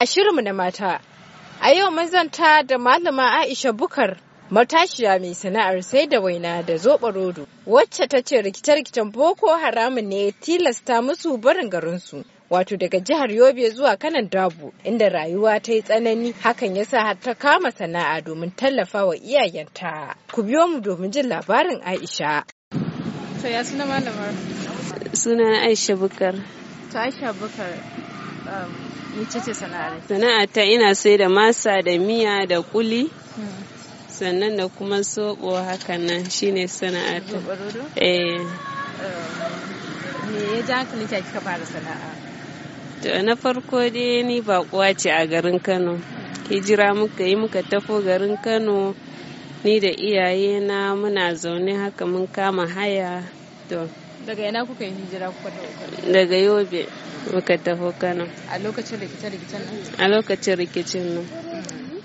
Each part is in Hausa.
A shirinmu na mata, a yau mazanta da malama Aisha Bukar matashiya mai sana'ar sai da waina da zoɓa rodo, wacce ta ce rikice-rikicen Boko Haramun ne tilasta musu barin garinsu. wato daga jihar Yobe zuwa kanan dabu inda rayuwa ta yi tsanani hakan ya sa ta kama sana'a domin tallafa wa iyayenta. Ku biyo mu domin jin labarin Aisha. To Mece ce sana'ar? Sana'a ta ina sai da masa da miya da kuli. Hmm. Sannan da kuma soɓo hakan nan shine sana'a ta. Eh. Um, ya ja kika fara sana'a? To na farko dai ni baƙuwa ce a garin Kano. Hmm. Hijira muka yi muka tafo garin Kano. ni da iyayena muna zaune haka mun kama haya to daga yana kuka yi hijira kuka tafi daga yobe muka taho kano a lokacin rikice-rikicen nan a lokacin rikicin nan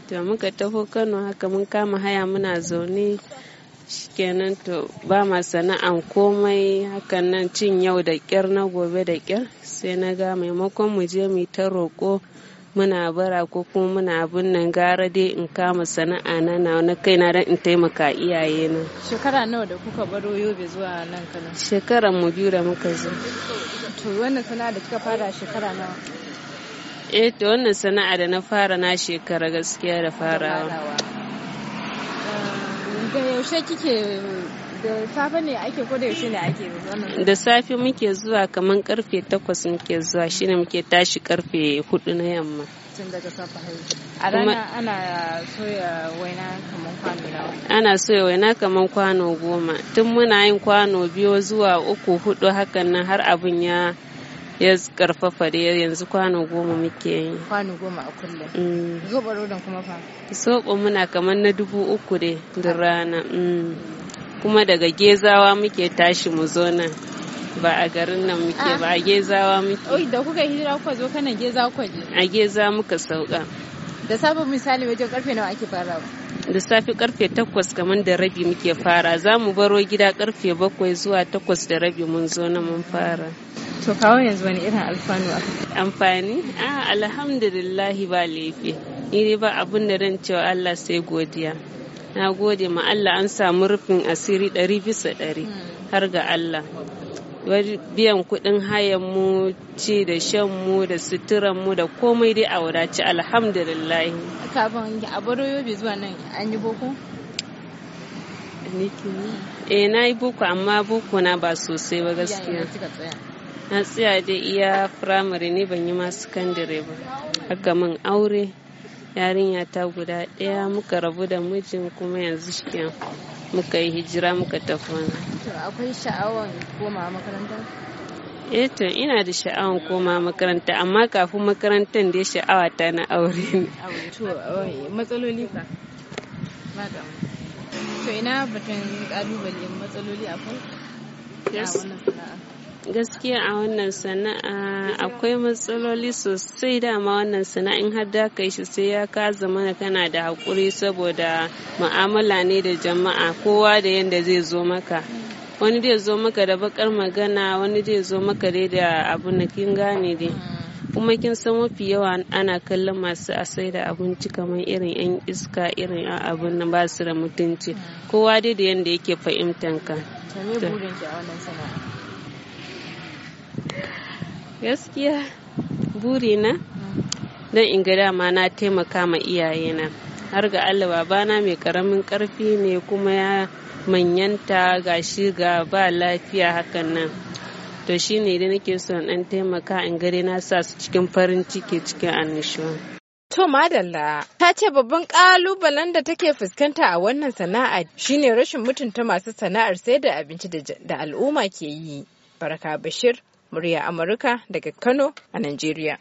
to muka taho kano haka mun kama haya muna zaune shikenan to ba ma sana'an komai hakan nan cin yau da kyar na gobe da kyar sai na ga maimakon mu je mu ta roƙo muna bara ko kuma muna abin nan gara dai in kama sana'a na na na kaina dan in taimaka iyaye na shekara nawa da kuka baro yobe zuwa nan kana Shekara mu biyu da muka zo to wannan sana'a da kika fara shekara nawa eh to wannan sana'a da na fara na shekara gaskiya da farawa ah, yaushe kike da safe ne ake ko da yaushe ne ake da safe muke zuwa kamar karfe takwas muke zuwa shine muke tashi karfe hudu na yamma a rana ana soya waina kaman kwano nawa ana soya waina kaman kwano goma tun muna yin kwano biyu zuwa uku hudu hakan nan har abun ya ya karfafa da yanzu kwano goma muke yi kwano goma a kullum mm. zoɓa rodon kuma fa zoɓa muna kamar na dubu uku dai da rana mm. kuma daga gezawa muke tashi mu zo nan ba a garin nan muke ba a ah. gezawa muke oi da kuka hijira kuka zo kana gezawa kuka je a geza muka sauka da safe misali wajen karfe nawa ake farawa da safe karfe takwas kamar da rabi muke fara za mu baro gida karfe bakwai zuwa takwas da rabi mun zo nan mun fara to kawo yanzu wani irin alfanu amfani a alhamdulillah ba laifi ni ba abin da ran cewa Allah sai godiya na gode ma Allah an samu rufin asiri ɗari bisa ɗari har ga Allah biyan kuɗin hayan mu ci da shan mu da suturan mu da komai dai a wadace alhamdulillah kafin a baro yobe zuwa nan an yi boko eh na yi boko amma boko na ba sosai ba gaskiya na tsaya dai iya firamare ne ban yi ma sakandare ba haka min aure yarinya ta guda ɗaya muka rabu da mijin kuma yanzu shiken muka yi hijira muka tafi wani. akwai sha'awar koma makaranta? eh to ina da sha'awan koma makaranta amma kafin makarantar da sha'awa ta na aure ne. matsaloli ka? to ina batun ƙalubale matsaloli akwai? yes. gaskiya a wannan sana'a akwai matsaloli sosai dama wannan sana'in har kai shi sai ya ka zama kana da haƙuri saboda ma'amala ne da jama'a kowa da yadda zai zo maka wani zai zo maka da bakar magana wani zai zo maka dai da abu na kin gane dai kuma kin san mafi yawa ana kallon masu asai da abinci kamar irin yan iska irin yan abin ba su da mutunci kowa dai da yadda yake fahimtanka. ka. gaskiya buri na don in dama na taimaka ma iyayena har ga allah babana mai karamin karfi ne kuma ya manyanta ga shi ga ba lafiya hakan nan to shi ne da nake so dan taimaka in gare na sa su cikin farin ciki cikin annishuwa To Madalla ta ce babban kalubalen da take fuskanta a wannan sana'a shine rashin mutunta masu sana'ar sai da abinci da al'umma ke yi. Baraka Bashir, murya Amurka daga Kano a Najeriya.